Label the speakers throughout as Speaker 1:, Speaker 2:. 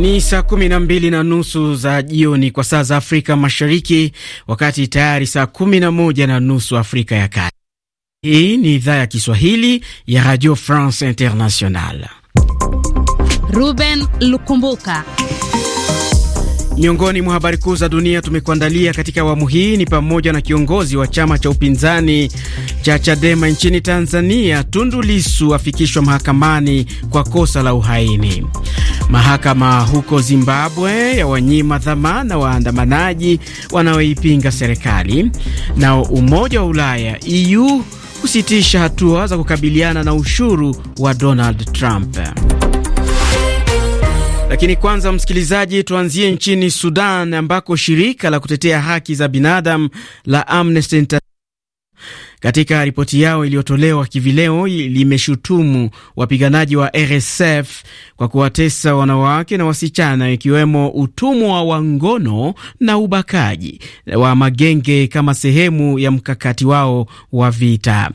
Speaker 1: Ni saa kumi na mbili na nusu za jioni kwa saa za Afrika Mashariki, wakati tayari saa kumi na moja na nusu Afrika ya Kati. Hii ni idhaa ya Kiswahili ya Radio France International. Ruben
Speaker 2: Lukumbuka.
Speaker 1: Miongoni mwa habari kuu za dunia tumekuandalia katika awamu hii ni pamoja na kiongozi wa chama cha upinzani cha Chadema nchini Tanzania Tundu Lisu afikishwa mahakamani kwa kosa la uhaini. Mahakama huko Zimbabwe ya wanyima dhamana waandamanaji wanaoipinga serikali. Nao Umoja wa Ulaya EU kusitisha hatua za kukabiliana na ushuru wa Donald Trump. Lakini kwanza, msikilizaji, tuanzie nchini Sudan ambako shirika la kutetea haki za binadamu la Amnesty katika ripoti yao iliyotolewa kivileo, limeshutumu wapiganaji wa RSF kwa kuwatesa wanawake na wasichana, ikiwemo utumwa wa ngono na ubakaji wa magenge kama sehemu ya mkakati wao wa vita.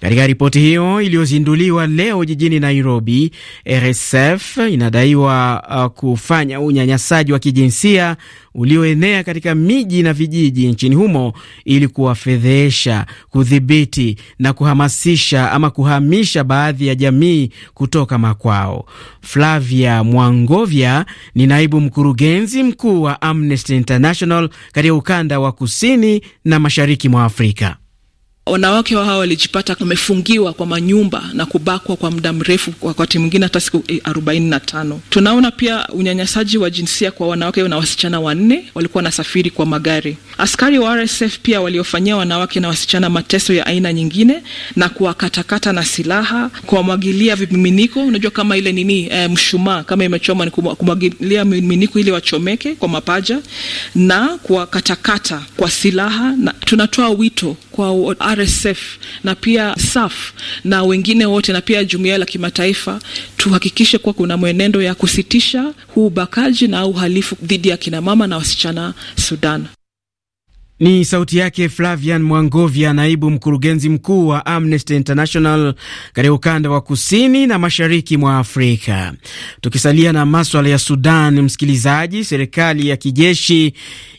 Speaker 1: Katika ripoti hiyo iliyozinduliwa leo jijini Nairobi, RSF inadaiwa uh, kufanya unyanyasaji wa kijinsia ulioenea katika miji na vijiji nchini humo ili kuwafedhesha kudhibiti kudhibiti na kuhamasisha ama kuhamisha baadhi ya jamii kutoka makwao. Flavia Mwangovya ni naibu mkurugenzi mkuu wa Amnesty International katika ukanda wa kusini na mashariki mwa Afrika wanawake wa hawa walijipata wamefungiwa kwa manyumba na kubakwa kwa muda mrefu, wakati mwingine hata siku eh, arobaini na tano. Tunaona pia unyanyasaji wa jinsia kwa wanawake na wasichana wanne walikuwa wanasafiri kwa magari. Askari wa RSF pia waliofanyia wanawake na wasichana mateso ya aina nyingine na kuwakatakata na silaha, kuwamwagilia vimiminiko. Unajua kama ile nini, e, mshumaa kama imechoma ni kumwagilia miminiko ili wachomeke kwa mapaja na kuwakatakata kwa silaha, na tunatoa wito kwa RSF na pia SAF na wengine wote na pia jumuiya la kimataifa tuhakikishe kuwa kuna mwenendo ya kusitisha huu ubakaji na uhalifu dhidi ya kinamama na wasichana Sudan. Ni sauti yake Flavian Mwangovya, naibu mkurugenzi mkuu wa Amnesty International katika ukanda wa kusini na mashariki mwa Afrika. Tukisalia na maswala ya Sudan, msikilizaji, serikali ya kijeshi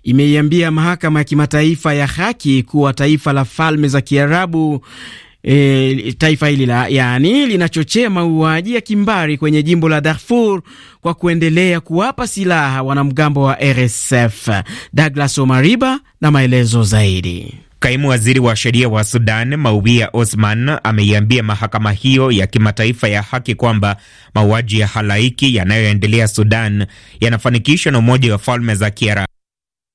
Speaker 1: imeiambia mahakama ya kimataifa ya haki kuwa taifa la Falme za Kiarabu e, taifa hili la yani linachochea mauaji ya kimbari kwenye jimbo la Darfur kwa kuendelea kuwapa silaha wanamgambo wa RSF. Douglas Omariba na maelezo
Speaker 2: zaidi. Kaimu waziri wa sheria wa Sudan Mawia Osman ameiambia mahakama hiyo ya kimataifa ya haki kwamba mauaji ya halaiki yanayoendelea Sudan yanafanikishwa na Umoja wa Falme za Kiarabu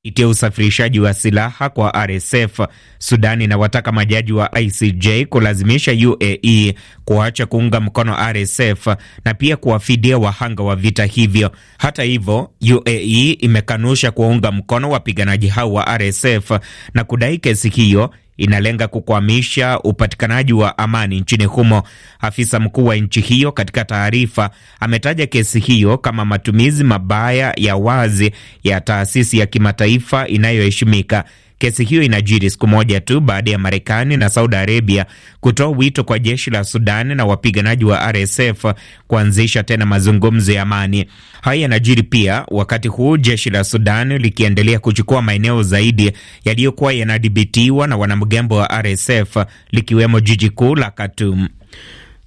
Speaker 2: itia usafirishaji wa silaha kwa RSF. Sudani inawataka majaji wa ICJ kulazimisha UAE kuacha kuunga mkono RSF na pia kuwafidia wahanga wa vita hivyo. Hata hivyo, UAE imekanusha kuwaunga mkono wapiganaji hao wa RSF na kudai kesi hiyo inalenga kukwamisha upatikanaji wa amani nchini humo. Afisa mkuu wa nchi hiyo katika taarifa ametaja kesi hiyo kama matumizi mabaya ya wazi ya taasisi ya kimataifa inayoheshimika. Kesi hiyo inajiri siku moja tu baada ya Marekani na Saudi Arabia kutoa wito kwa jeshi la Sudan na wapiganaji wa RSF kuanzisha tena mazungumzo ya amani. Haya yanajiri pia wakati huu jeshi la Sudan likiendelea kuchukua maeneo zaidi yaliyokuwa yanadhibitiwa na wanamgambo wa RSF likiwemo jiji kuu la Khartoum.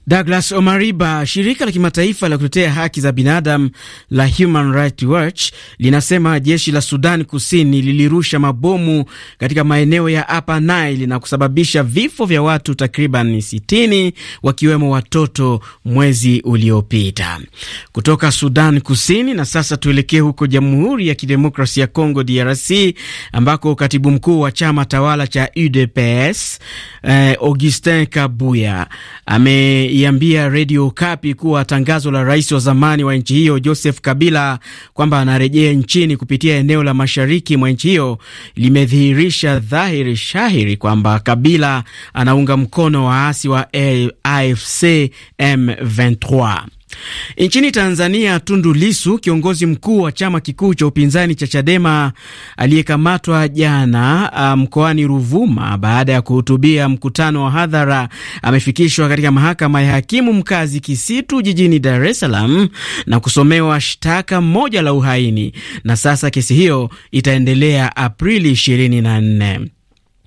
Speaker 2: Douglas Omariba, shirika la kimataifa la kutetea haki za binadamu la Human
Speaker 1: Rights Watch linasema jeshi la Sudan Kusini lilirusha mabomu katika maeneo ya Upper Nile na kusababisha vifo vya watu takriban 60 wakiwemo watoto mwezi uliopita. Kutoka Sudan Kusini na sasa tuelekee huko Jamhuri ya Kidemokrasia ya congo DRC ambako katibu mkuu wa chama tawala cha UDPS eh, Augustin Kabuya ame ameiambia redio Kapi kuwa tangazo la rais wa zamani wa nchi hiyo Joseph Kabila kwamba anarejea nchini kupitia eneo la mashariki mwa nchi hiyo limedhihirisha dhahiri shahiri kwamba Kabila anaunga mkono waasi wa AFC M23. Nchini Tanzania, Tundu Lisu, kiongozi mkuu wa chama kikuu cha upinzani cha Chadema aliyekamatwa jana uh, mkoani um, Ruvuma baada ya kuhutubia mkutano wa hadhara amefikishwa katika mahakama ya hakimu mkazi Kisitu jijini Dar es Salaam na kusomewa shtaka moja la uhaini, na sasa kesi hiyo itaendelea Aprili 24.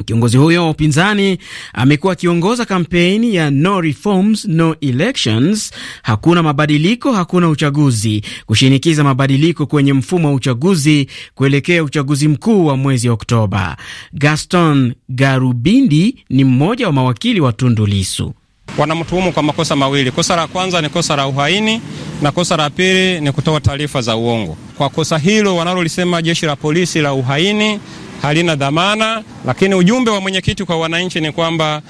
Speaker 1: Kiongozi huyo wa upinzani amekuwa akiongoza kampeni ya no reforms, no elections, hakuna mabadiliko, hakuna uchaguzi, kushinikiza mabadiliko kwenye mfumo wa uchaguzi kuelekea uchaguzi mkuu wa mwezi Oktoba. Gaston Garubindi ni mmoja wa mawakili wa Tundu Lisu.
Speaker 2: Wanamtuhumu kwa makosa mawili. Kosa la kwanza ni kosa la uhaini na kosa la pili ni kutoa taarifa za uongo. Kwa kosa hilo wanalolisema jeshi la polisi la uhaini halina dhamana, lakini ujumbe wa mwenyekiti kwa wananchi ni kwamba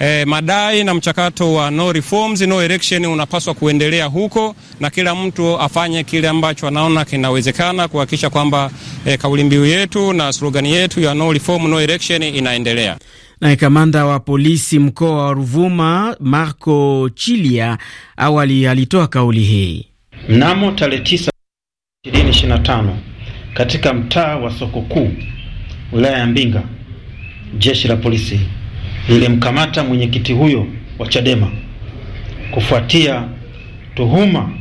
Speaker 2: E, madai na mchakato wa no reforms, no election unapaswa kuendelea huko na kila mtu afanye kile ambacho anaona kinawezekana kuhakikisha kwamba e, kauli mbiu yetu na slogan yetu ya no reform, no election inaendelea.
Speaker 1: Naye kamanda wa polisi mkoa wa Ruvuma Marco Chilia awali alitoa kauli hii
Speaker 2: mnamo tarehe 9
Speaker 1: 2025 katika mtaa wa soko kuu wilaya ya Mbinga, jeshi la polisi lilimkamata mwenyekiti huyo wa Chadema kufuatia tuhuma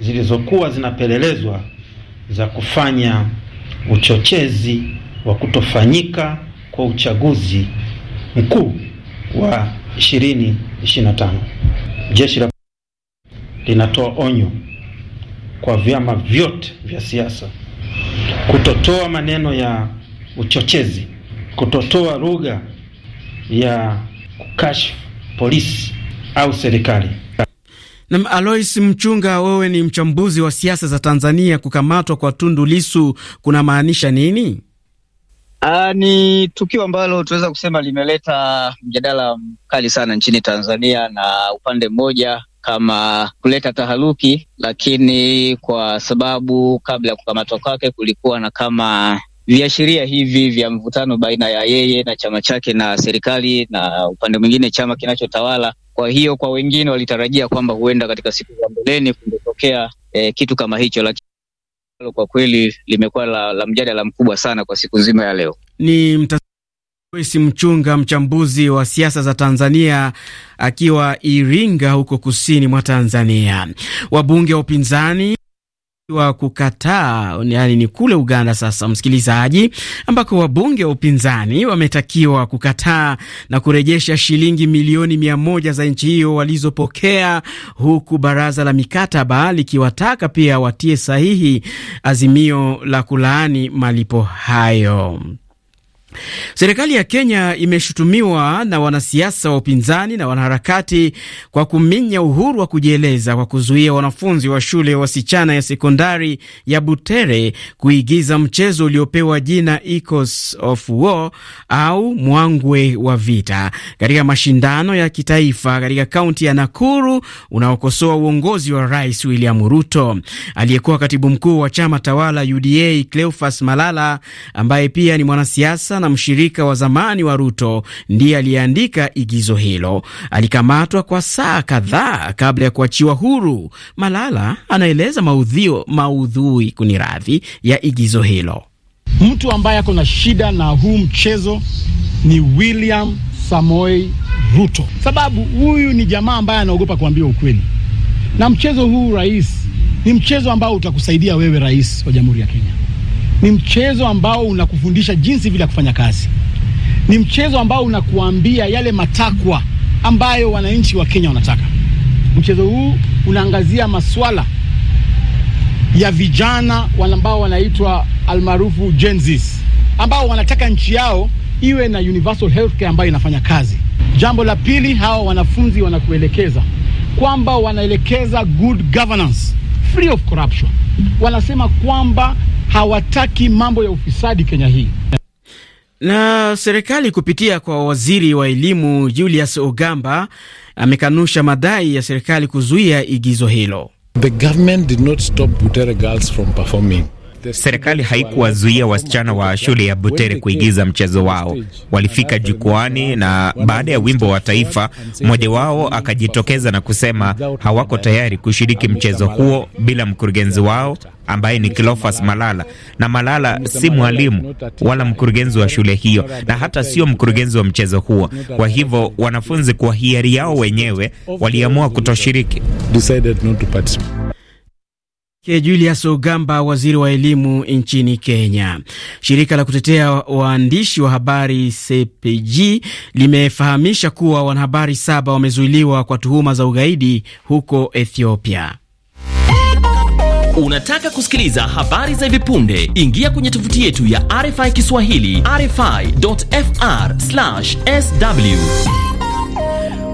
Speaker 1: zilizokuwa zinapelelezwa za kufanya uchochezi wa kutofanyika kwa
Speaker 2: uchaguzi mkuu wa 2025. Jeshi la linatoa onyo kwa vyama vyote
Speaker 1: vya siasa kutotoa maneno ya uchochezi, kutotoa lugha ya kukashifu polisi au serikali. Na Alois Mchunga, wewe ni mchambuzi wa siasa za Tanzania. Kukamatwa kwa Tundu Lisu kuna maanisha nini? Aa, ah, ni tukio ambalo tunaweza kusema limeleta mjadala mkali sana nchini Tanzania, na upande mmoja kama kuleta taharuki, lakini kwa sababu kabla ya kukamatwa kwake kulikuwa na kama viashiria hivi vya mvutano baina ya yeye na chama chake na serikali na upande mwingine chama kinachotawala. Kwa hiyo kwa wengine walitarajia kwamba huenda katika siku za mbeleni kungetokea eh, kitu kama hicho, lakini kwa kweli limekuwa la, la mjadala mkubwa sana kwa siku nzima ya leo. Ni Joyce Mchunga, mchambuzi wa siasa za Tanzania akiwa Iringa huko kusini mwa Tanzania. Wabunge wa upinzani wa kukataa yani ni kule Uganda sasa, msikilizaji, ambako wabunge wa upinzani wametakiwa kukataa na kurejesha shilingi milioni mia moja za nchi hiyo walizopokea, huku baraza la mikataba likiwataka pia watie sahihi azimio la kulaani malipo hayo. Serikali ya Kenya imeshutumiwa na wanasiasa wa upinzani na wanaharakati kwa kuminya uhuru wa kujieleza kwa kuzuia wanafunzi wa shule wasichana ya sekondari ya Butere kuigiza mchezo uliopewa jina Echoes of War au mwangwe wa vita katika mashindano ya kitaifa katika kaunti ya Nakuru unaokosoa uongozi wa Rais William Ruto. Aliyekuwa katibu mkuu wa chama tawala UDA Cleophas Malala ambaye pia ni mwanasiasa na na mshirika wa zamani wa Ruto ndiye aliyeandika igizo hilo. Alikamatwa kwa saa kadhaa kabla ya kuachiwa huru. Malala anaeleza maudhio, maudhui kuni radhi ya igizo hilo. Mtu ambaye ako na shida na huu mchezo ni William Samoei Ruto, sababu huyu ni jamaa ambaye anaogopa kuambiwa ukweli, na mchezo huu rais, ni mchezo ambao utakusaidia wewe rais wa Jamhuri ya Kenya. Ni mchezo ambao unakufundisha jinsi vile ya kufanya kazi. Ni mchezo ambao unakuambia yale matakwa ambayo wananchi wa Kenya wanataka. Mchezo huu unaangazia maswala ya vijana ambao wanaitwa almaarufu Gen Z ambao wanataka nchi yao iwe na universal healthcare ambayo inafanya kazi. Jambo la pili, hawa wanafunzi wanakuelekeza kwamba wanaelekeza good governance free of corruption. Wanasema kwamba hawataki mambo ya ufisadi Kenya hii. Na serikali kupitia kwa waziri wa elimu Julius Ogamba amekanusha madai
Speaker 2: ya serikali kuzuia igizo hilo. The government did not stop Butere girls from performing. Serikali haikuwazuia wasichana wa shule ya Butere kuigiza mchezo wao. Walifika jukwani, na baada ya wimbo wa taifa, mmoja wao akajitokeza na kusema hawako tayari kushiriki mchezo huo bila mkurugenzi wao ambaye ni Kilofas Malala, na Malala si mwalimu wala mkurugenzi wa shule hiyo na hata sio mkurugenzi wa mchezo huo. Kwa hivyo wanafunzi, kwa hiari yao wenyewe, waliamua kutoshiriki.
Speaker 1: Julius Ogamba, waziri wa elimu nchini Kenya. Shirika la kutetea waandishi wa habari CPG limefahamisha kuwa wanahabari saba wamezuiliwa kwa tuhuma za ugaidi huko Ethiopia. Unataka kusikiliza habari za hivi punde? Ingia kwenye tovuti yetu ya RFI Kiswahili, rfi.fr/sw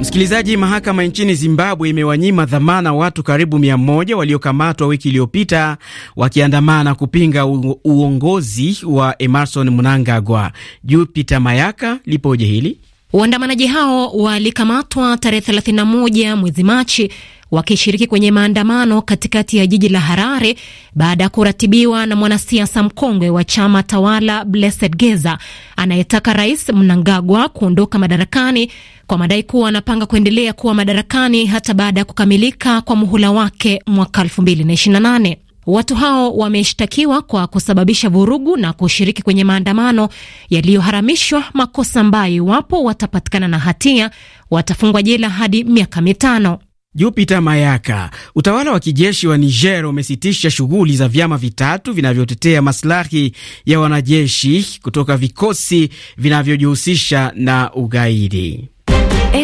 Speaker 1: Msikilizaji, mahakama nchini Zimbabwe imewanyima dhamana watu karibu mia moja waliokamatwa wiki iliyopita wakiandamana kupinga uongozi wa Emerson Mnangagwa. Jupiter Mayaka lipoje hili? Waandamanaji hao walikamatwa tarehe 31 mwezi Machi wakishiriki kwenye maandamano katikati ya jiji la Harare baada ya kuratibiwa na mwanasiasa mkongwe wa chama tawala Blessed Geza anayetaka Rais Mnangagwa kuondoka madarakani kwa madai kuwa anapanga kuendelea kuwa madarakani hata baada ya kukamilika kwa muhula wake mwaka 2028. Watu hao wameshtakiwa kwa kusababisha vurugu na kushiriki kwenye maandamano yaliyoharamishwa, makosa ambayo iwapo watapatikana na hatia watafungwa jela hadi miaka mitano jupita Mayaka, utawala wa kijeshi wa Niger umesitisha shughuli za vyama vitatu vinavyotetea maslahi ya wanajeshi kutoka vikosi vinavyojihusisha na ugaidi.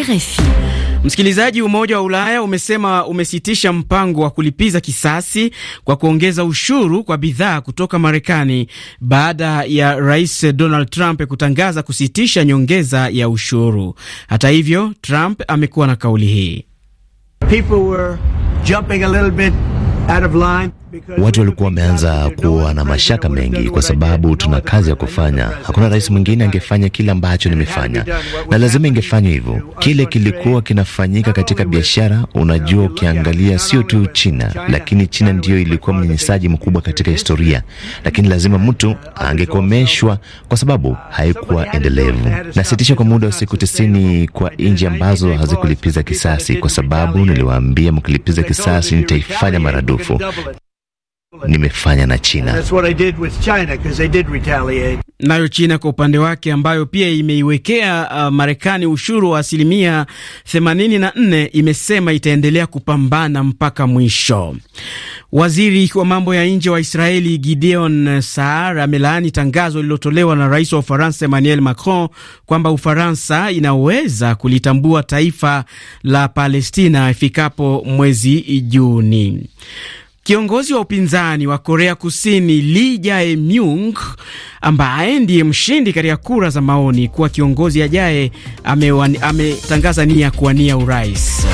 Speaker 1: RFI. Msikilizaji, Umoja wa Ulaya umesema umesitisha mpango wa kulipiza kisasi kwa kuongeza ushuru kwa bidhaa kutoka Marekani baada ya Rais Donald Trump kutangaza kusitisha nyongeza ya ushuru. Hata hivyo, Trump amekuwa na kauli hii people were jumping a little bit out of line.
Speaker 2: Watu walikuwa wameanza kuwa na mashaka mengi, kwa sababu tuna kazi ya kufanya. Hakuna rais mwingine angefanya kile ambacho nimefanya, na lazima ingefanywa hivyo. Kile kilikuwa kinafanyika katika biashara, unajua, ukiangalia sio tu China, lakini China ndiyo ilikuwa mnyanyasaji mkubwa katika historia, lakini lazima mtu angekomeshwa kwa sababu haikuwa endelevu. Nasitisha kwa muda wa siku tisini kwa nchi ambazo hazikulipiza kisasi, kwa sababu niliwaambia, mkilipiza kisasi nitaifanya maradufu nimefanya na China.
Speaker 1: Nayo China kwa upande wake, ambayo pia imeiwekea uh, Marekani ushuru wa asilimia 84, imesema itaendelea kupambana mpaka mwisho. Waziri wa mambo ya nje wa Israeli Gideon Saar amelaani tangazo lililotolewa na rais wa Ufaransa Emmanuel Macron kwamba Ufaransa inaweza kulitambua taifa la Palestina ifikapo mwezi Juni. Kiongozi wa upinzani wa Korea Kusini Lee Jae-myung ambaye ndiye mshindi katika kura za maoni kuwa kiongozi ajaye ametangaza nia kuwania urais.